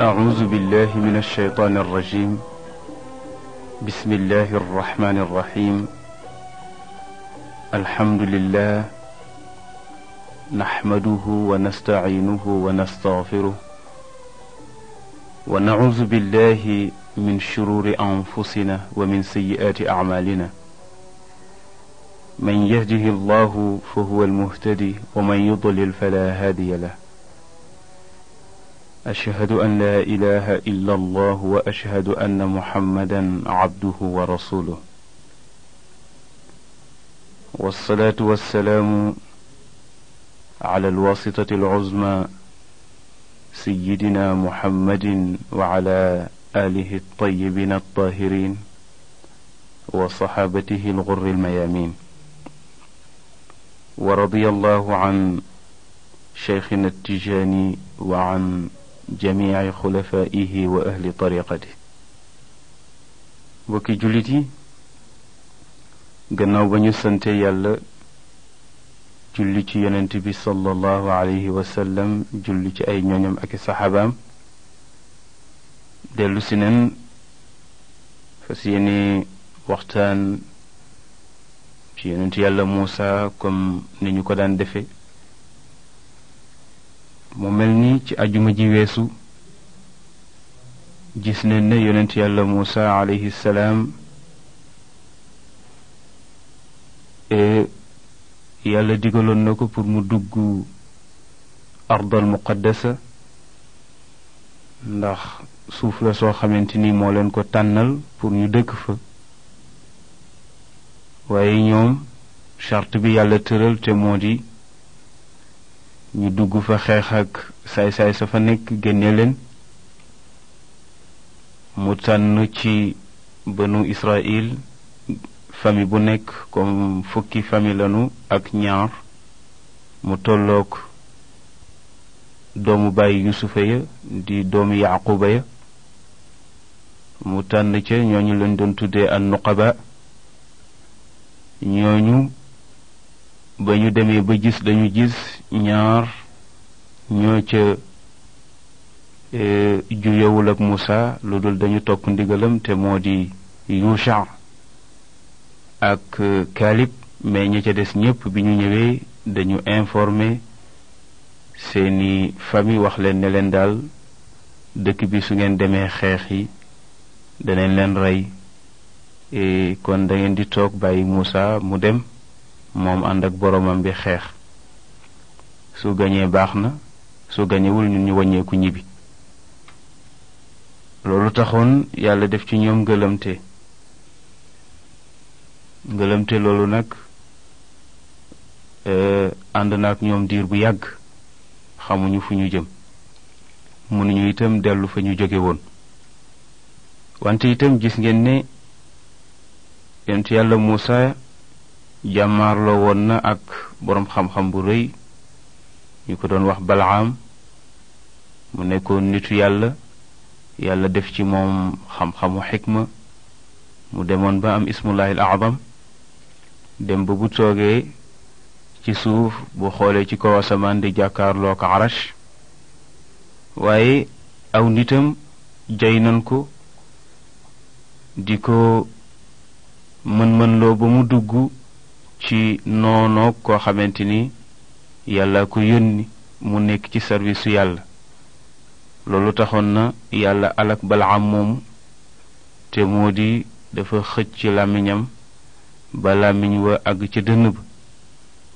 أعوذ بالله من الشيطان الرجيم بسم الله الرحمن الرحيم الحمد لله نحمده ونستعينه ونستغفره ونعوذ بالله من شرور أنفسنا ومن سيئات أعمالنا من يهده الله فهو المهتدي ومن يضلل فلا هادي له أشهد أن لا إله إلا الله وأشهد أن محمدا عبده ورسوله والصلاة والسلام على الواسطة العظمى سيدنا محمد وعلى آله الطيبين الطاهرين وصحابته الغر الميامين ورضي الله عن شيخنا التجاني وعن jamiici xulafaa'ihi wa ahli tariqati mbokki jullit yi gannaaw ba ñu sante yàlla julli ci yonent bi sallallahu alayhi wa juli ci ay ñooñam ak i saxaabaam dellu si nen fas yéene waxtaan ci yonent yàlla Muusa comme ni ñu ko daan defe mu mel ni ci ajuma ji weesu gis nañ ne yonent yàlla Muusa alayhi salaam e yàlla digaloon na ko pour mu dugg ardal muqaddasa ndax suuf la soo xamante ni moo leen ko tànnal pour ñu dëkk fa waaye ñoom charte bi yàlla tëral te moo di ñu dugg fa xeex ak saay-saay sa fa nekk génne leen mu tànn ci banu Israël famille bu nekk comme fukki famille lanu ak ñaar mu tolloog doomu bàyyi yusufa ya di doomu yaquba ya mu tànn ca ñooñu lañ doon tuddee an nuqaba ñooñu ba ñu demee ba gis dañu gis ñaar ñoo ca e, juyewul ak Muusa lu dul dañu topp ndigalam te moo di Yusha ak e, Kalib mais ña ca des ñépp bi ñu ñëwee dañu informé seeni famille wax leen ne leen daal dëkk bi su ngeen demee xeex yi danañ leen rey e, kon da ngeen di toog bàyyi Muusa mu dem moom ànd ak boromam bi xeex su gañee baax na su gañewul ñun ñu wàññeeku ñibbi loolu taxoon yàlla def ci ñoom ngëlamte ngëlamte loolu nag eh, ànd na ak ñoom diir bu yàgg xamuñu fu ñu jëm mënuñu itam dellu fa ñu jóge woon wante itam gis ngeen ni yonent yàlla Muusa jàmmaarloo woon na ak boroom xam-xam bu rëy ñu ko doon wax balaam mu nekkoon nitu yàlla yàlla def ci moom xam-xamu xikma mu demoon ba am ismullahil aadam dem ba bu toogee ci suuf bu xoolee ci kaw asamaan di jàkkaarloo ko arash waaye aw nitam jay nan ko di ko mën-mën loo ba mu dugg ci noonoog koo xamante ni yàlla ko yónni mu nekk ci service yàlla loolu taxoon na yàlla alak balaam moomu te moo di dafa xëcc ci làmmiñam ba làmmiñ wa àgg ca dënn ba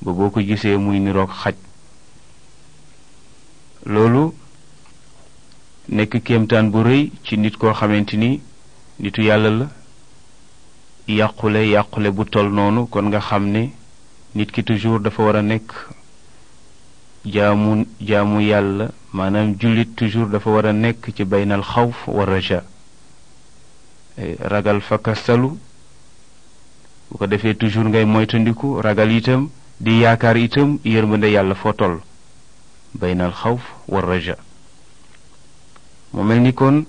ba boo ko gisee muy niroog xaj loolu nekk kemtaan bu rëy ci nit koo xamante ni nitu yàlla la yàqule yàqule bu tol noonu kon nga xam ne nit ki toujours dafa war a nekk jaamu jaamu yàlla maanaam jullit toujours dafa war a nekk ci baynal xawf wa raja eh, ragal fa bu ko defee toujours ngay moytandiku ragal itam di yaakaar itam yërmande yàlla foo toll baynal xawf wa raja mu mel ni kon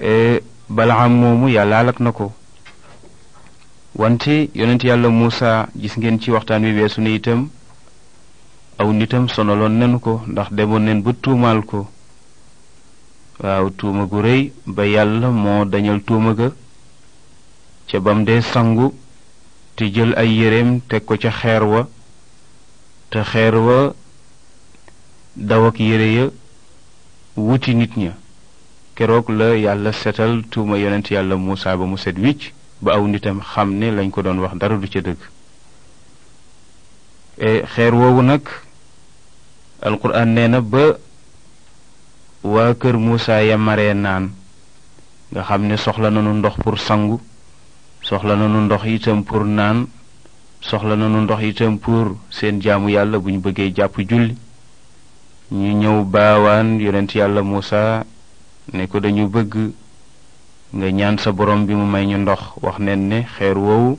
eh, balaam moomu yàlla alak na ko wante yonent yàlla Muusa gis ngeen ci waxtaan wi weesu ne itam aw nitam sonaloon nanu ko ndax demoon nen ba tuumaal ko waaw tuuma gu rëy ba yàlla moo dañal tuuma ga ca bam dee sangu te jël ay yéreem teg ko ca xeer wa te xeer wa daw ak yére ya wuti nit ña keroog la yàlla setal tuuma yonent yàlla Muusaa ba mu set wicc ba aw nitam xam ne lañ ko doon wax dara du ca dëgg E, xeer woowu nag alquran nee na ba waa kër Muusa ya maree naan nga xam ne soxla nañu ndox pour sangu soxla nañu ndox itam pour naan soxla nañu ndox itam pour seen jaamu yàlla bu ñu bëggee jàpp julli ñu ñëw baawaan yonent yàlla Muusa ne ko dañu bëgg nga ñaan sa borom bi mu may ñu ndox wax neen ne xeer woowu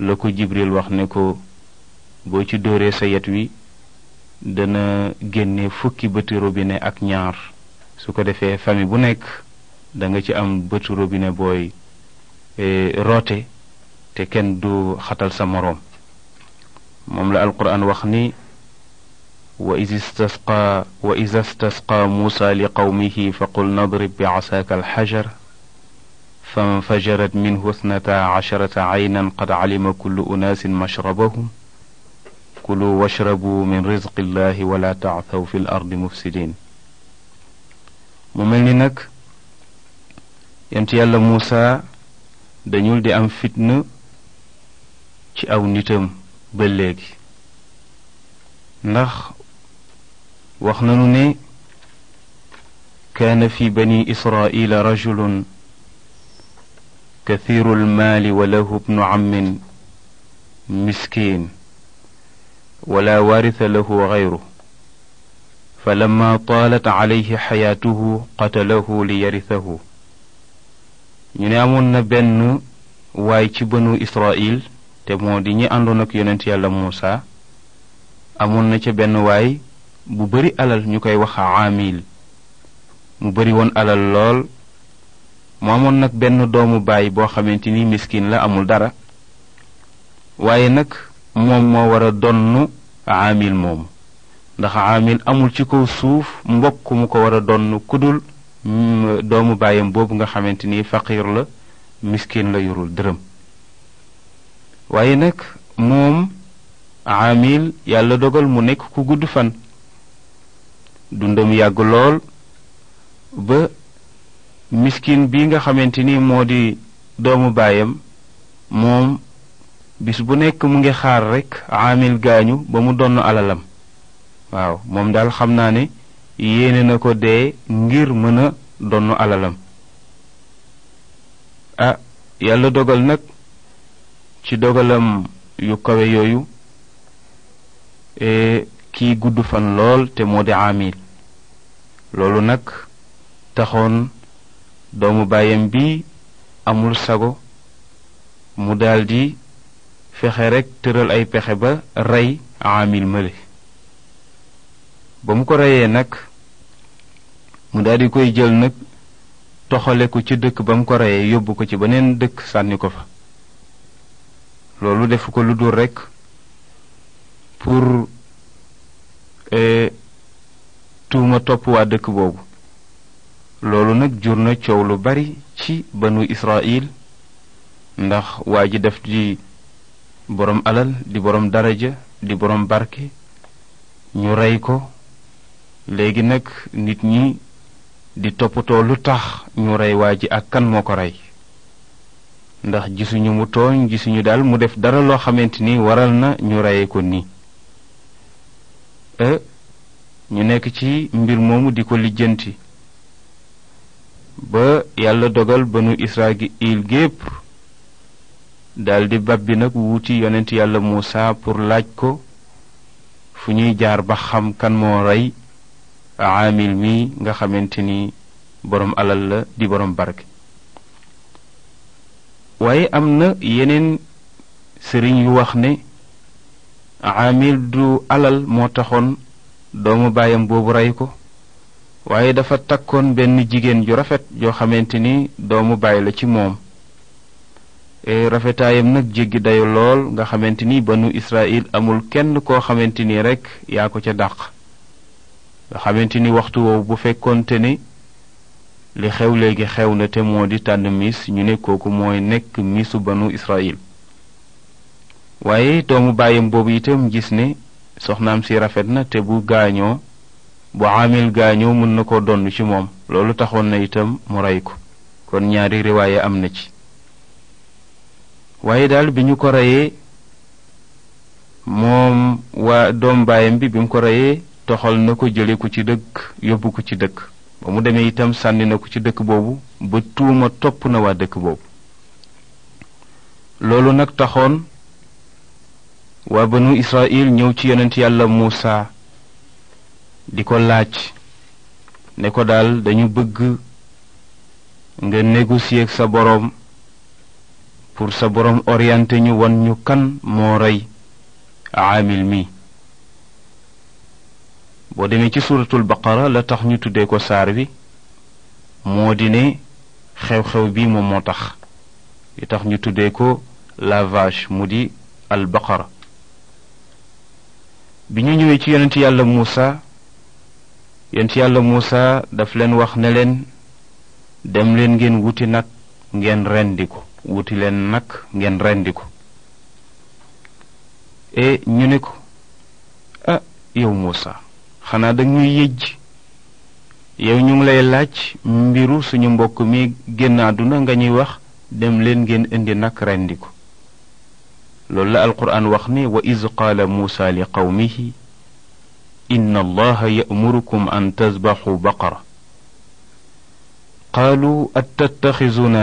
la ko Jibril wax ne ko boo ci dóoree sa yet wi dana génne fukki bëti robinet ak ñaar su ko defee famille bu nekk da nga ci am bëti robinet booy eh, roote te kenn du xatal sa moroom moom la alquran wax ni wa is istasqaa wa is istasqaa muusa li qawmihi fa qul nadrib bi asaaka alxajar fanfajarat minhu اثنتا عشرة عينا قد علم كل أناس مشربهم kulu washrabu min rizqi llahi wala taathaw fi l ardi mufsidin mu mel ni nag yent yàlla Muusa dañul di am fitna ci aw nitam ba léegi ndax wax nanu ne kaana fi bani israila rajulun kathiru lmaali wa lahu bnu ammin miskiin ولا وارث له غيره فلما طالت عليه xayaatuhu qatalahu li yarisahu ñu ne amoon na benn waay ci bënu Israil te moo di ñi àndoon ak yonent yàlla Muusa amoon na ca benn waay bu bari alal ñu koy wax aamil mu bari woon alal lool mu amoon nag benn doomu baay boo xamante ni miskin la amul dara waaye nag moom moo war a donn aamil moomu ndax aamil amul ci kaw suuf mbokk mu ko war a ku dul mm, doomu baayam boobu nga xamante ni faqiir la miskin la yorul dërëm waaye nag moom aamil yàlla dogal mu nekk ku gudd fan dundam yàgg lool ba miskin bi nga xamante ni moo di doomu baayam moom bis bu nekk mu ngi xaar rekk aamil gaañu ba mu donn alalam waaw moom daal xam naa ne yéene na ko dee ngir mën a donn alalam ah yàlla dogal nag ci dogalam yu kawe yooyu e, kii gudd fan lool te moo di aamil loolu nag taxoon doomu baayam bi amul sago mu daldi fexe rekk tëral ay pexe ba rey aamil male ba mu ko reyee nag mu daldi koy jël nag toxale ko ci dëkk ba mu ko reyee yóbbu ko ci beneen dëkk sànni ko fa loolu defu ko lu dul rek pour eh, tuuma topp waa dëkk boobu loolu nag jur na coow lu bari ci banu Israil ndax waa ji def di boroom alal di boroom daraja di boroom barke ñu rey ko léegi nag nit ñi di toppatoo lu tax ñu rey waa ji ak kan moo ko rey ndax gisuñu mu tooñ gisuñu daal mu def dara loo xamante ni waral na ñu reye ko nii euh, ñu nekk ci mbir moomu di ko lijjanti ba yàlla dogal banu il gépp daldi babbi nag wuuti yonent yàlla Muusa pour laaj ko fu ñuy jaar ba xam kan moo rey aamil mi nga xamante ni boroom alal la di boroom barke waaye am na yeneen sëriñ yu wax ne aamil du alal moo taxoon doomu baayam boobu rey ko waaye dafa takkoon benn jigéen ju rafet joo xamante ni doomu baay la ci moom E rafetaayam nag jéggi dayu lool nga xamante ni banu Israël amul kenn koo xamante ni rekk yaa ko ca dàq nga xamante ni waxtu woowu bu fekkoonte ne li xew léegi xew na te moo di tànn miis ñu ne kooku mooy nekk miisu banu Israël waaye doomu bàyyam boobu itam gis ne soxnaam si rafet na te bu gaañoo bu amil gaañoo mën na ko donn ci moom loolu taxoon na itam mu rey ko kon ñaari riwaaye am na ci waaye daal bi ñu ko reyee moom waa doom baayam bi bi mu ko reyee toxal na ko jële ko ci dëkk yóbbu ko ci dëkk ba mu demee itam sànni na ko ci dëkk boobu ba tuuma topp na waa dëkk boobu loolu nag taxoon waa banu Israël ñëw ci yonent yàlla Muusa di ko laaj ne ko daal dañu bëgg nga négocier ak sa boroom pour sa boroom orienté ñu won ñu kan moo rey aamil mi boo demee ci suuratul baqara la tax ñu tuddee ko saar bi moo di ne xew-xew bi moom moo tax li tax ñu tuddee ko la vache mu di al baqara bi ñu ñëwee ci yonent yàlla Muusa yonent yàlla Muusa daf leen wax ne leen dem leen ngeen wuti nag ngeen rendi ko wuti leen nag ngeen rendi ko e ñu ni ko ah yow Muusa xanaa da ñuy yëj yow ñu ngi lay laaj mbiru suñu mbokk mi génn àdduna nga ñuy wax dem leen ngeen indi nag rendi ko loolu la alquraan wax ne wa iz qaala muusa li qawmihi inna allaha ya'murukum an tasbaxu baqara qaalu attattaxizuna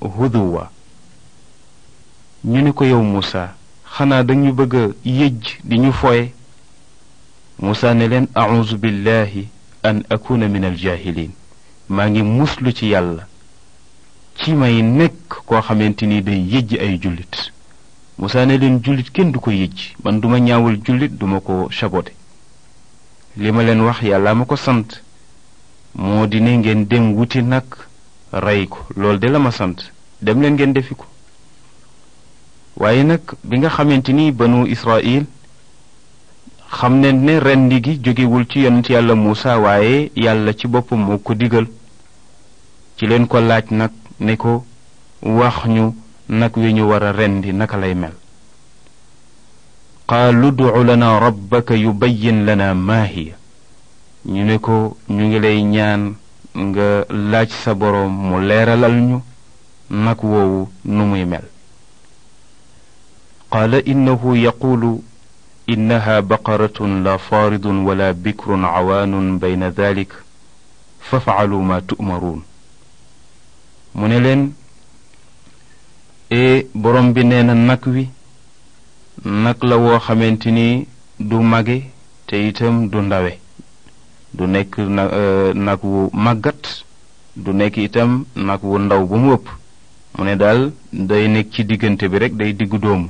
huduwa ñu ni ko yow Muusa xanaa dañu bëgg a yëj di ñu foye Muusa ne leen auzu billahi an akuna min aljahilin maa ngi muslu ci yàlla ci may nekk koo xamante ni day yëj ay jullit Muusa ne leen jullit kenn du ko yëj man duma ñaawal jullit duma ko sabote li ma leen wax yàlla ma ko sant moo di ne ngeen dem wuti nag rey ko loolu de la ma sant dem leen ngeen defi ko waaye nag bi nga xamante ni banu Israil xam ne ne rendi gi jógewul ci yonent yàlla Muusa waaye yàlla ci boppam moo ko digal ci leen ko laaj nag ne ko wax ñu nag wi ñu war a rendi naka lay mel qaalu ducu yu rabbaka yen lana maa hiya ñu ne ko ñu ngi lay ñaan nga laaj sa boroom mu leeralal ñu nag woowu nu muy mel qaala innahu yaquulu innaha baqaratun la faaridun wala bikrun cawaanun bayna dalik fafcalu ma tu'maruun mu ne leen e borom bi nee na nag wi nag la woo xamante ni du mage te itam du ndawe du nekk e, nag wu màggat du nekk itam nag wu ndaw bu mu ëpp mu ne daal day nekk ci diggante bi rek day diggu doomu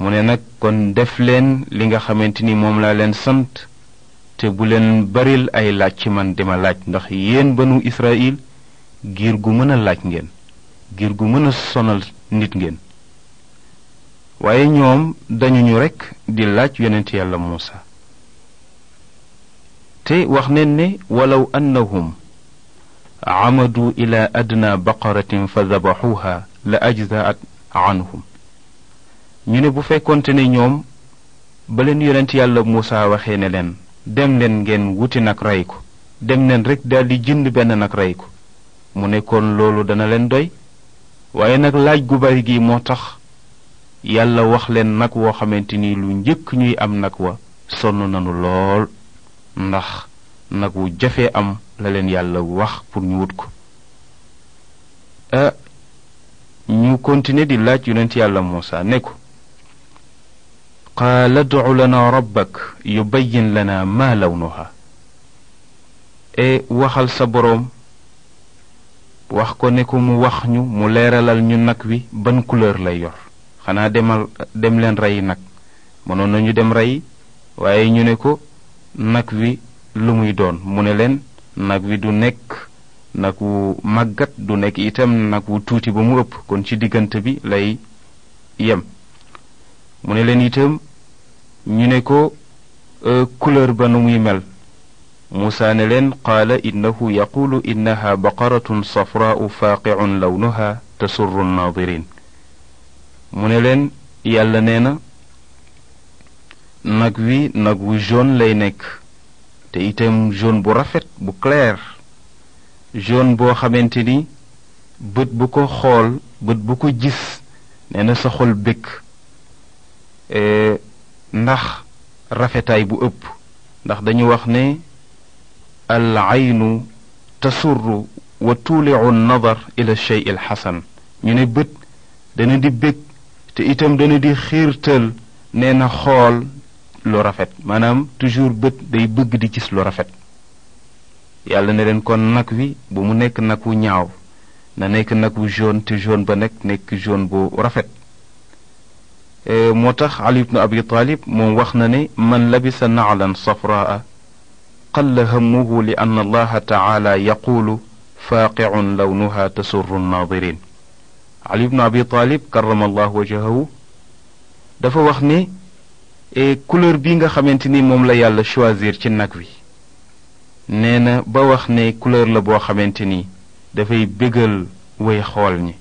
mu ne nag kon def leen li nga xamante ni moom laa leen sant te bu leen baril ay laaj ci man dima laaj ndax yéen banu Israël giir gu mën a laaj ngeen giir gu mën a sonal nit ngeen waaye ñoom dañu ñu rekk di laaj yonent yàlla Muusa te wax neen ne walaw annahum amadu ila adna baqaratin fa dabaxuha la ajzaat anhum ñu ne bu fekkonte ne ñoom ba leen yonent yàlla Muusa waxee ne leen dem leen ngeen wuti nag rey ko dem leen rek daldi jënd benn nag rey ko mu nekkoon loolu dana leen doy waaye nag laaj gu bari gi moo tax yàlla wax leen nag woo xamante ni lu njëkk ñuy am nag wa sonn nanu lool ndax nag wu jafe am la leen yàlla wax pour ñu wut ko a ah, ñu continuer di laaj yonent yàlla Muusa ne ko قال ادع لنا ربك يبين لنا ما لونها e waxal sa boroom wax ko ne ko mu wax ñu mu leeralal ñu nag wi ban couleur lay yor xanaa demal dem leen rey nag mënoon nañu dem rey waaye ñu ne ko nag wi lu muy doon mu ne leen nag wi du nekk nag wu màggat du nekk itam nag wu tuuti ba mu ëpp kon ci diggante bi lay yem mu ne leen itam ñu ne ko euh, couleur ba nu muy mel muusa ne leen qaala innahu yaqulu innaha baqaratun safraau faaqiun lawnuha tasurru nnaadirin mu ne leen yàlla nee na nag wi nag wu jaune lay nekk te itam jaune bu rafet bu clair jaune boo xamante ni bët bu ko xool bët bu ko gis nee na sa xol ndax rafetaay bu ëpp ndax dañu wax ne al aynu tasurru wa tuuliu nadar ila shey il xasan ñu ne bët dana di bég te itam dana di xiirtal nee na xool lu rafet maanaam toujours bët day bëgg di gis lu rafet yàlla ne leen kon nag wi bu mu nekk nag wu ñaaw na nekk nag wu jaune te jaune ba nekk nekk jaune bu rafet Euh, moo tax ali ibnu abi taalib moom wax na ne man labisa naclan safraa qalla hammuhu li anna allaha taala yaquulu faaqicun lawnuha tasurru nnaadirin ali ibnu abi taalib karama allahu wajahahu dafa wax ne eh, couleur bi nga xamante ni moom la yàlla choisir ci nag wi nee na ba wax ne couleur la boo xamante ni dafay bégal way xool ñi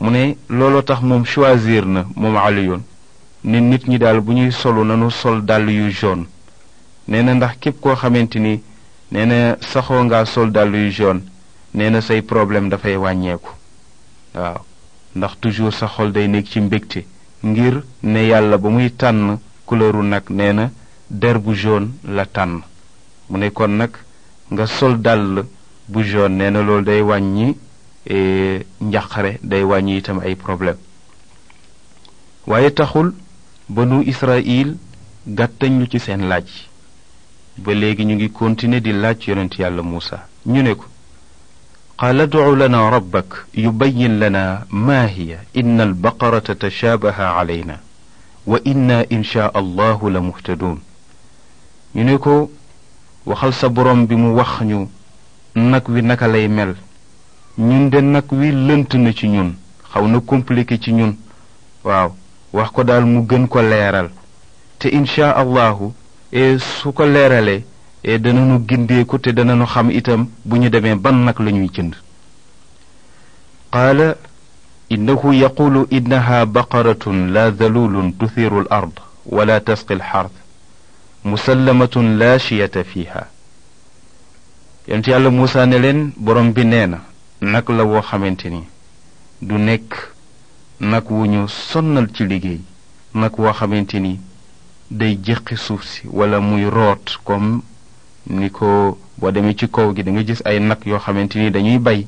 mu ne looloo tax moom choisir na moom aliyoon ne nit ñi daal bu ñuy solu nanu sol dàll yu jaune nee na ndax képp koo xamante ni nee na saxoo nga sol dàll yu jaune nee na say problème dafay wàññeeku waaw ndax toujours sa xol day nekk ci mbégte ngir ne yàlla ba muy tànn couleuru nag nee na der bu jaune la tànn mu ne kon nag nga sol dàll bu jaune nee na loolu day wàññi eh, njaqare day wàññi itam ay problème waaye taxul banu israil gàttañ lu ci seen laaj ba léegi ñu ngi continuer di laaj yonent yàlla muusa ñu ne ko qaala ducu lana rabbak yubayin lana maa hiya inna albaqarata tashaabaha calayna wa inna inshaa allahu la muhtaduun ñu ne ko waxal sa boroom bi mu wax ñu nag wi naka lay mel ñun de nag wi lënt na ci ñun xaw na compliqué ci ñun waaw wax ko daal mu gën ko leeral te incha allahu e su ko leeralee e danañu gindeeku te danañu xam itam bu ñu demee ban nag la ñuy jënd qaala innahu yaqul innaha baqaratun la dalulun tuthiru al ard wala tasqi al xarth musallamatun laa chiyata fiha yonent yàlla Muusaa ne leen borom bi nee na nag la woo xamante ni du nekk nag wu ñu sonnal ci liggéey nag woo xamante ni day jëqi suuf si wala muy root comme ni ko boo demee ci kaw gi da gis ay nag yoo xamante ni dañuy bay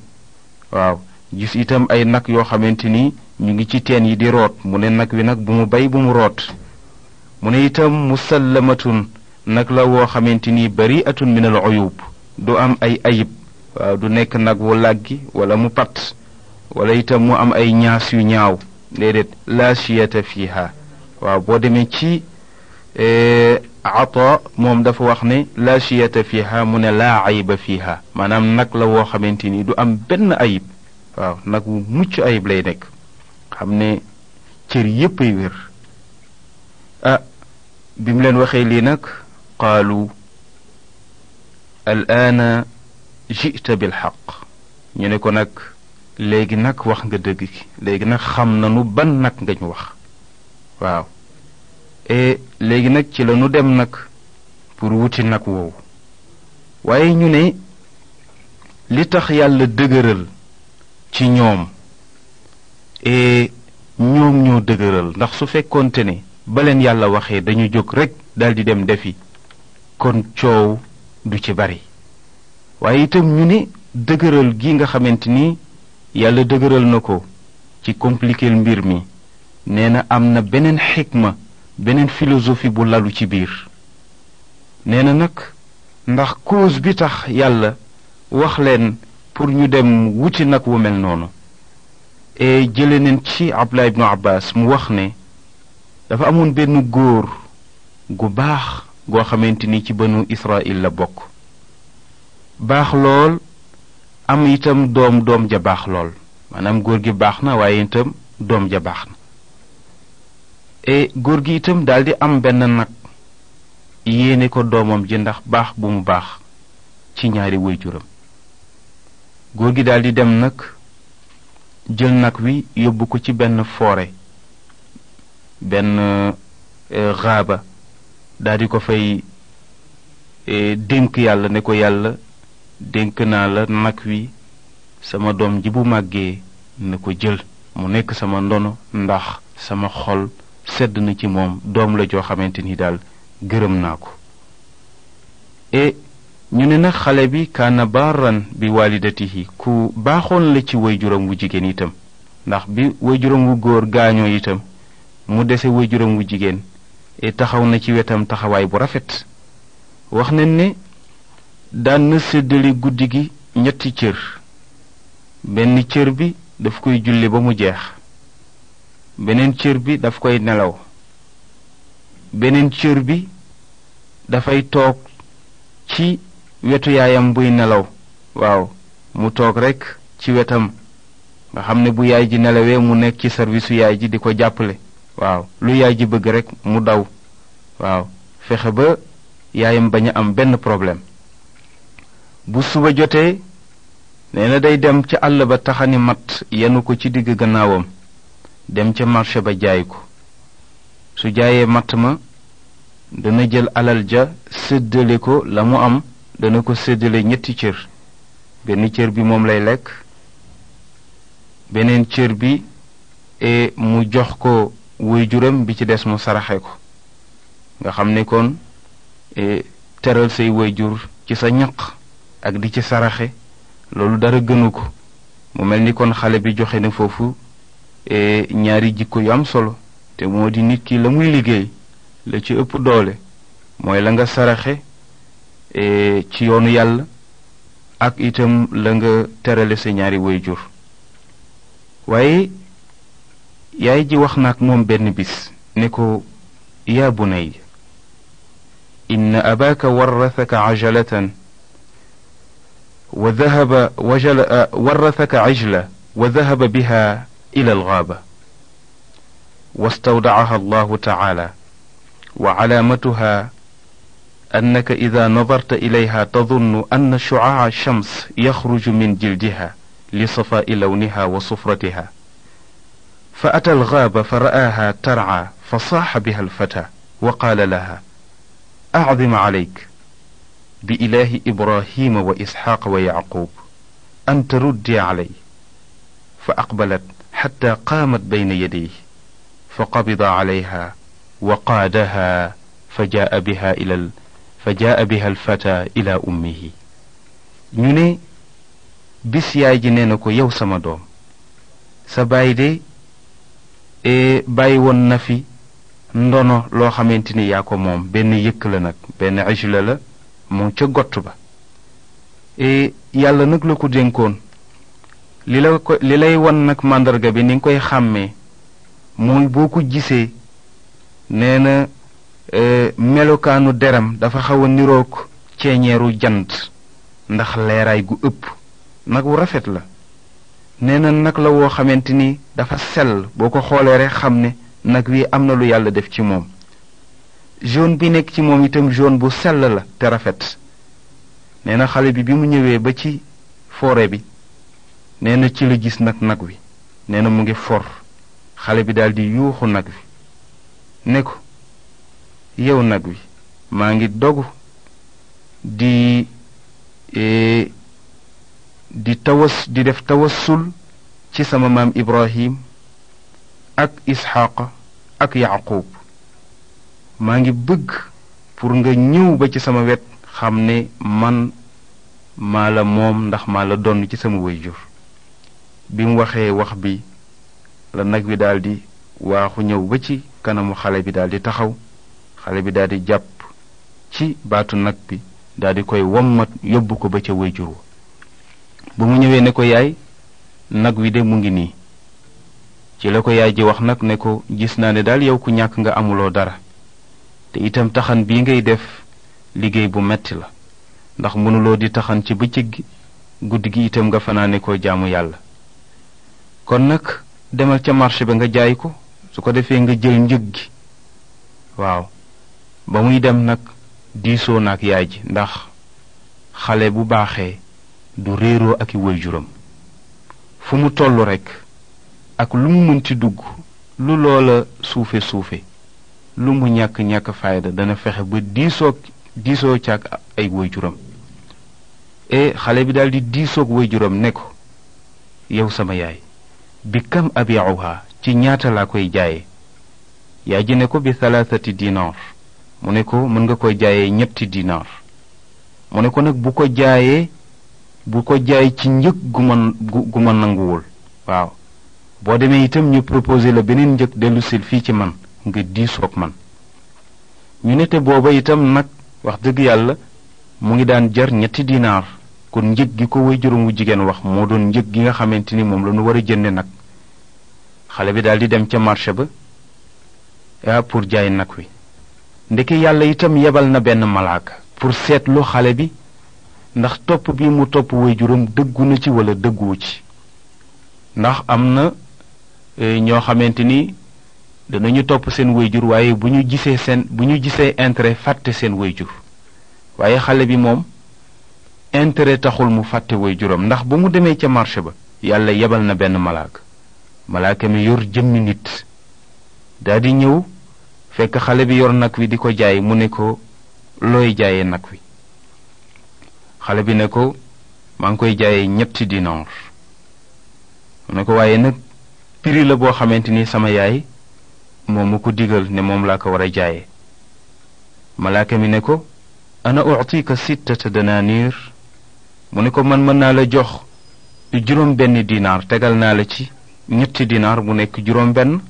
waaw gis itam ay nag yoo xamante ni ñu ngi ci teen yi di root mu ne nag wi nag bu mu bay bu mu root mu ne itam musallamatun nag la woo xamante ni bari atun min al uyub du am ay ayib waaw du nekk nag wu làggi wala mu pat wala itam mu am ay ñaas yu ñaaw déedéet la chiyata fiha waaw boo demee ci eh, ata moom dafa wax ne la chiyata fiha mu ne laa ayiba fiha maanaam nag la woo xamante ni du am benn ayib waaw nag wu mucc ayib lay nekk xam ne cër yépp ay wér ah bi mu leen waxee lii nag qaalu al aana jita bilxaq ñu ne ko nag léegi nag wax nga dëgg ki léegi nag xam na nu ban nag nga ñu wax waaw e léegi nag ci la nu dem nag pour wuti nag woowu waaye ñu ne li tax yàlla dëgëral ci ñoom e ñoom ñoo dëgëral ndax su fekkoonte ne ba leen yàlla waxee dañu jóg rekk daldi dem defi kon coow du ci bari waaye itam ñu ne dëgëral gi nga xamante ni yàlla dëgëral na ko ci compliquer mbir mi nee na am na beneen xikma beneen philosophie bu lalu ci biir nee na nag ndax cause bi tax yàlla wax leen pour ñu dem wuti nag wu mel noonu e jële neen ci Abdullah ibnu Abbas mu wax ne dafa amoon benn góor gu baax goo xamante ni ci banu Israil la bokk am itam doom doom ja baax lool maanaam góor gi baax na waaye itam doom ja baax na e góor gi itam daldi am benn nag yéene ko doomam ji ndax baax bu mu baax ci ñaari waajuram góor gi daldi dem nag jël nag wi yóbbu ko ci benn foore benn e, xaaba daldi ko fay e, dénk yàlla ne ko yàlla dénk naa la nag wi sama doom ji bu màggee na ko jël mu nekk sama ndono ndax sama xol sedd na ci moom doom la joo xamante ni daal gërëm naa ko e ñu ne nag xale bi kaana baaran bi waalidatihi ku baaxoon la ci waajuram wu jigéen itam ndax bi waajuram wu góor gaañoo itam mu dese waajuram wu jigéen e taxaw na ci wetam taxawaay bu rafet wax nañ ne daan na guddi gi ñetti cër benn cër bi daf koy julli ba mu jeex beneen cër bi daf koy nelaw beneen cër bi dafay toog ci wetu yaayam buy nelaw waaw mu toog rekk ci wetam nga xam ne bu yaay ji nelawee mu nekk ci service yaay ji di ko jàppale waaw lu yaay ji bëgg rekk mu daw waaw fexe ba yaayam bañ a am benn problème bu suba jotee nee na day dem ca àll ba taxani matt yenu ko ci digg gannaawam dem ca marché ba jaay ko su jaayee matt ma dana jël alal ja séddale ko la mu am dana ko séddale ñetti cër benn cër bi moom lay lekk beneen cër bi e mu jox ko wuy juram bi ci des mu saraxe ko nga xam ne kon e teral say woy jur ci sa ñaq ak di ci saraxe loolu dara gënu ko mu mel ni kon xale bi joxe na foofu e, ñaari jikko yu am solo te moo di nit ki la muy liggéey la ci ëpp doole mooy la nga saraxe e, ci yoonu yàlla ak itam la nga tërale sa ñaari waajur waaye yaay ji wax na ak moom benn bis ne ko yaa bunay inna abaaka warrathaka ajalatan وذهب وجل ورثك عجلة وذهب بها إلى الغابة واستودعها الله تعالى وعلامتها أنك إذا نظرت إليها تظن أن شعاع الشمس يخرج من جلدها لصفاء لونها وصفرتها فأتى الغابة فرآها ترعى فصاح بها الفتى وقال لها أعظم عليك بإله إبراهيم وإسحاق ويعقوب أن تردي علي فأقبلت حتى قامت بين يديه فقبض عليها وقادها فجاء بها إلى فجاء بها الفتى إلى أمه ñu ne bis yaay ji nee na ko yow sama doom sa baay de e, bàyyi woon na fi ndono loo xamante ni yaa ko moom benn yëkk la nag benn ijla la moo ca gott ba e, yàlla nag la ko dénkoon li la ko li lay wan nag màndarga bi ni nga koy xàmmee mooy boo ko gisee nee na e, melokaanu deram dafa xaw a niroog ceeñeeru jant ndax leeraay gu ëpp nag wu rafet la nee na nag la woo xamante ni dafa sell boo ko xoolee rek xam ne nag wii am na lu yàlla def ci moom jaune bi nekk ci moom itam jaune bu sell la te rafet nee na xale bi bi mu ñëwee ba ci foore bi nee na ci la gis nag nag wi nee na mu ngi for xale bi daal di yuuxu nag wi ne ko yow nag wi maa ngi dogu di e, di tawas di def tawassul ci sama maam Ibrahim ak Isxaaqa ak Yaaqub maa ngi bëgg pour nga ñëw ba ci sama wet xam ne man maa la moom ndax maa la donn ci sama waajur bi mu waxee wax bi la nag wi daldi waaxu ñëw ba ci kanamu xale bi daldi taxaw xale bi daldi jàpp ci baatu nag bi daldi koy wommat yóbbu ko ba ca waajur wa ba mu ñëwee ne ko yaay nag wi de mu ngi nii ci la ko yaay ji wax nag ne ko gis naa ne daal yow ku ñàkk nga amuloo dara te itam taxan bii ngay def liggéey bu metti la ndax mënuloo di taxan ci bëccëg gi guddi gi itam nga fanaane ko jaamu yàlla kon nag demal ca marché ba nga jaay ko su ko defee nga jël njëg gi waaw ba muy dem nag diisoo na ak yaay ji ndax xale bu baaxee du réeroo ak i waajuram fu mu tollu rekk ak lu mu mënti dugg lu loola suufe suufe lu mu ñàkk ñàkk fayda dana fexe ba diisoo diisoo caag ay waajuram e xale bi daal di woy waajuram ne ko yow sama yaay bi kam abiuha ci ñaata laa koy jaayee yaay ji ne ko bi thalathati dinar mu ne ko mën nga ko jaaye ñetti dinar mu ne ko nag bu ko jaayee bu ko jaay ci njëg gu ma nanguwul waaw boo demee itam ñu proposé la beneen njëg dellu sil fii ci man nga diisoog man ñu nete booba itam nag wax dëgg yàlla mu ngi daan jar ñetti dinaar kon njëg gi ko way juróom wu jigéen wax moo doon njëg gi nga xamante ni moom la ñu war a jënde nag xale bi daal di dem ca marché ba ah pour jaay nag wi ndeke yàlla itam yebal na benn malaaka pour seetlu xale bi ndax topp bi mu topp way juróom dëggu na ci walla dëgguwu ci ndax am na eh, ñoo xamante ni danañu topp seen wayjur waaye bu ñu gisee seen bu ñu gisee intérêt fàtte seen wayjur waaye xale bi moom intérêt taxul mu fàtte wayjuram ndax ba mu demee ca marché ba yàlla yebal na benn malaaka malaaka mi yor jëmmi nit daldi ñëw fekk xale bi yor nag wi di ko jaay mu ne ko looy jaayee nag wi xale bi ne ko maa ngi koy jaayee ñetti dinaar mu ne ko waaye nag prix la boo xamante ni sama yaay moom mu ko digal ne moom laa ko war a jaaye malaaka mi ne ko ana utika sittata dananir mu ne ko man mën naa la jox juróom benn dinaar tegal naa la ci ñetti dinaar mu nekk juróom benn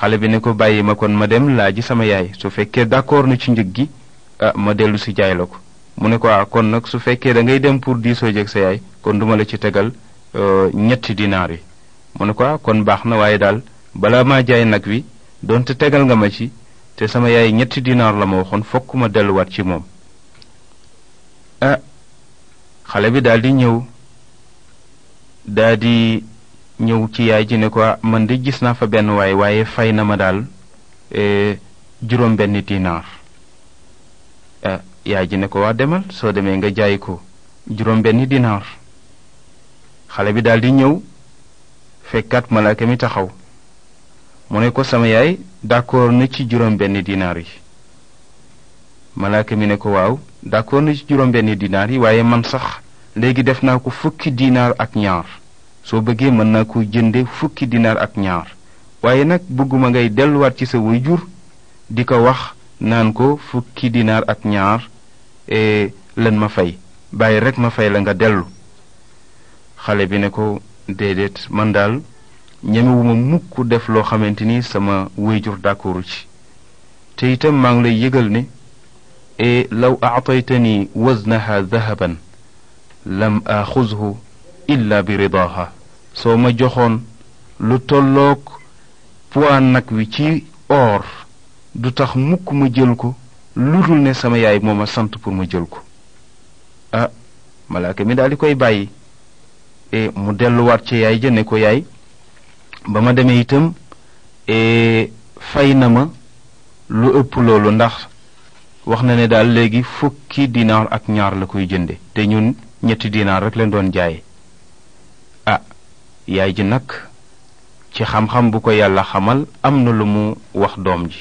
xale bi ne ko bàyyi ma kon ma dem laaji sama yaay su fekkee d'accord na ci njëg gi ah, ma dellu si jaay la ko mu ne ko ah kon nag su fekkee da ngay dem pour diisoo jeg sa yaay kon duma la ci tegal euh, ñetti dinaar yi mu ne ko ah kon baax na waaye daal balaa ma jaay nag wi doonte tegal nga ma ci te sama yaay ñetti dinaar la ma waxoon fokk ma delluwaat ci moom xale bi daldi ñëw daldi ñëw ci yaay ji ne ko man de gis naa fa benn waay waaye fay na ma daal e, juróom benn dinaar ah yaay ji ne ko waa demal soo demee nga jaay ko juróom benn dinaar xale bi daldi ñëw fekkaat malaaka mi taxaw mu ne ko sama yaay d'accord na ci juróom benn dinaar yi malaaka mi ne ko waaw d'accord na ci juróom benn dinaar yi waaye man sax léegi def naa ko fukki dinaar ak ñaar soo bëggee mën naa ko jënde fukki dinaar ak ñaar waaye nag bëgguma ngay delluwaat ci sa waajur di ko wax naan ko fukki dinaar ak ñaar e, lan ma fay bàyyi rekk ma fay la nga dellu xale bi ne ko déedéet man daal ñemewuma mukk def loo xamante ni sama wéyjur d'accordu ci te itam maa ngi lay yëgal ni e law actaytani waznaha dahaban lam axuzhu illa bi ridaha soo ma joxoon lu tolloog poids nag wi ci or du tax mukk ma jël ko lu dul ne sama yaay moo ma sant pour ma jël ko a ah, malaaka mi daal di koy bàyyi e mu delluwaat ci yaay ja ne ko yaay ba ma demee itam eh, fay na ma lu ëpp loolu ndax wax na ne daal léegi fukki dinaar ak ñaar la koy jënde te ñun ñetti dinaar rek leen doon jaaye ah yaay ji nag ci xam-xam bu ko yàlla xamal am na lu mu wax doom ji